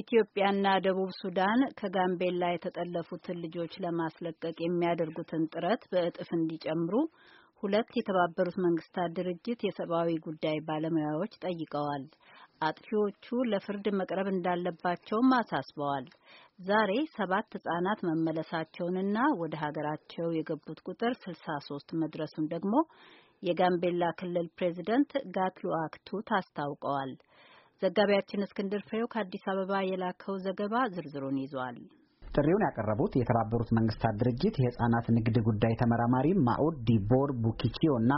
ኢትዮጵያና ደቡብ ሱዳን ከጋምቤላ የተጠለፉትን ልጆች ለማስለቀቅ የሚያደርጉትን ጥረት በእጥፍ እንዲጨምሩ ሁለት የተባበሩት መንግስታት ድርጅት የሰብአዊ ጉዳይ ባለሙያዎች ጠይቀዋል። አጥፊዎቹ ለፍርድ መቅረብ እንዳለባቸውም አሳስበዋል። ዛሬ ሰባት ህጻናት መመለሳቸውንና ወደ ሀገራቸው የገቡት ቁጥር ስልሳ ሶስት መድረሱን ደግሞ የጋምቤላ ክልል ፕሬዚደንት ጋትሉአክ ቱት አስታውቀዋል። ዘጋቢያችን እስክንድር ፍሬው ከአዲስ አበባ የላከው ዘገባ ዝርዝሩን ይዟል። ጥሪውን ያቀረቡት የተባበሩት መንግስታት ድርጅት የህጻናት ንግድ ጉዳይ ተመራማሪ ማኡድ ዲቦር ቡኪቺዮ እና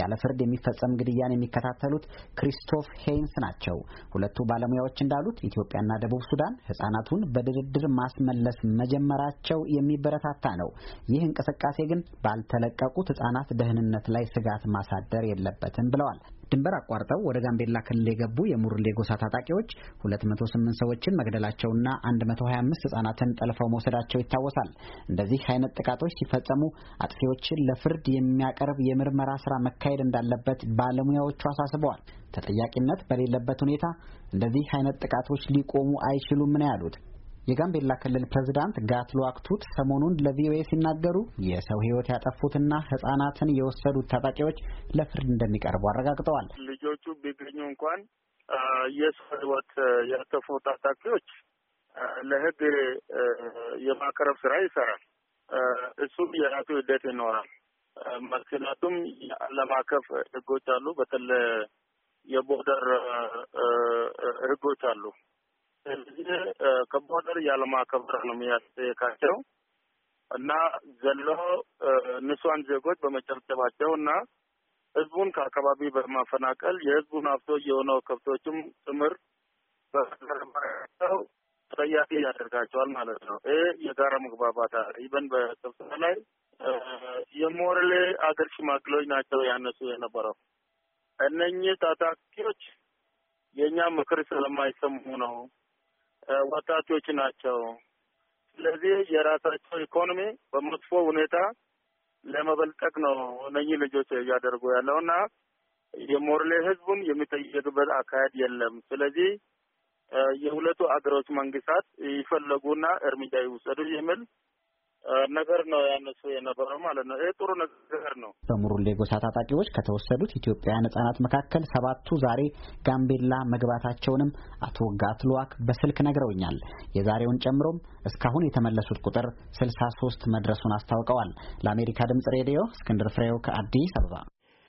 ያለ ፍርድ የሚፈጸም ግድያን የሚከታተሉት ክሪስቶፍ ሄይንስ ናቸው። ሁለቱ ባለሙያዎች እንዳሉት ኢትዮጵያና ደቡብ ሱዳን ህጻናቱን በድርድር ማስመለስ መጀመራቸው የሚበረታታ ነው። ይህ እንቅስቃሴ ግን ባልተለቀቁት ህጻናት ደህንነት ላይ ስጋት ማሳደር የለበትም ብለዋል። ድንበር አቋርጠው ወደ ጋምቤላ ክልል የገቡ የሙርሌ ጎሳ ታጣቂዎች 208 ሰዎችን መግደላቸውና 125 ህጻናትን ጠልፈው መውሰዳቸው ይታወሳል። እንደዚህ አይነት ጥቃቶች ሲፈጸሙ አጥፊዎችን ለፍርድ የሚያቀርብ የምርመራ ስራ መካሄድ እንዳለበት ባለሙያዎቹ አሳስበዋል። ተጠያቂነት በሌለበት ሁኔታ እንደዚህ አይነት ጥቃቶች ሊቆሙ አይችሉም ነው ያሉት። የጋምቤላ ክልል ፕሬዝዳንት ጋትሎ አክቱት ሰሞኑን ለቪኦኤ ሲናገሩ የሰው ሕይወት ያጠፉትና ሕጻናትን የወሰዱት ታጣቂዎች ለፍርድ እንደሚቀርቡ አረጋግጠዋል። ልጆቹ ቢገኙ እንኳን የሰው ሕይወት ያጠፉ ታጣቂዎች ለሕግ የማቅረብ ስራ ይሰራል። እሱም የራሱ ሂደት ይኖራል። ምክንያቱም ዓለም አቀፍ ሕጎች አሉ። በተለይ የቦርደር ሕጎች አሉ። ስለዚህ ከቦርደር ያለማከበር ነው የሚያስጠየቃቸው እና ዘሎ ንሷን ዜጎች በመጨብጨባቸው እና ህዝቡን ከአካባቢ በማፈናቀል የህዝቡን ሀብቶች የሆነው ከብቶችም ጥምር በመጨብጨባቸው ተጠያቂ ያደርጋቸዋል ማለት ነው። ይህ የጋራ መግባባት ይበን በስብሰባ ላይ የሞረሌ አገር ሽማግሌዎች ናቸው ያነሱ የነበረው። እነኚህ ታጣቂዎች የእኛ ምክር ስለማይሰሙ ነው ወጣቶች ናቸው። ስለዚህ የራሳቸው ኢኮኖሚ በመጥፎ ሁኔታ ለመበልጠቅ ነው እነኚህ ልጆች እያደረጉ ያለው እና የሞርሌ ህዝቡን የሚጠየቅበት አካሄድ የለም። ስለዚህ የሁለቱ አገሮች መንግስታት ይፈለጉና እርምጃ ይውሰዱ የሚል ነገር ነው ያነሱ የነበረው ማለት ነው። ይህ ጥሩ ነገር ነው። በሙሩሌ ጎሳ ታጣቂዎች ከተወሰዱት ኢትዮጵያውያን ህጻናት መካከል ሰባቱ ዛሬ ጋምቤላ መግባታቸውንም አቶ ጋትሉዋክ በስልክ ነግረውኛል። የዛሬውን ጨምሮም እስካሁን የተመለሱት ቁጥር ስልሳ ሶስት መድረሱን አስታውቀዋል። ለአሜሪካ ድምጽ ሬዲዮ እስክንድር ፍሬው ከአዲስ አበባ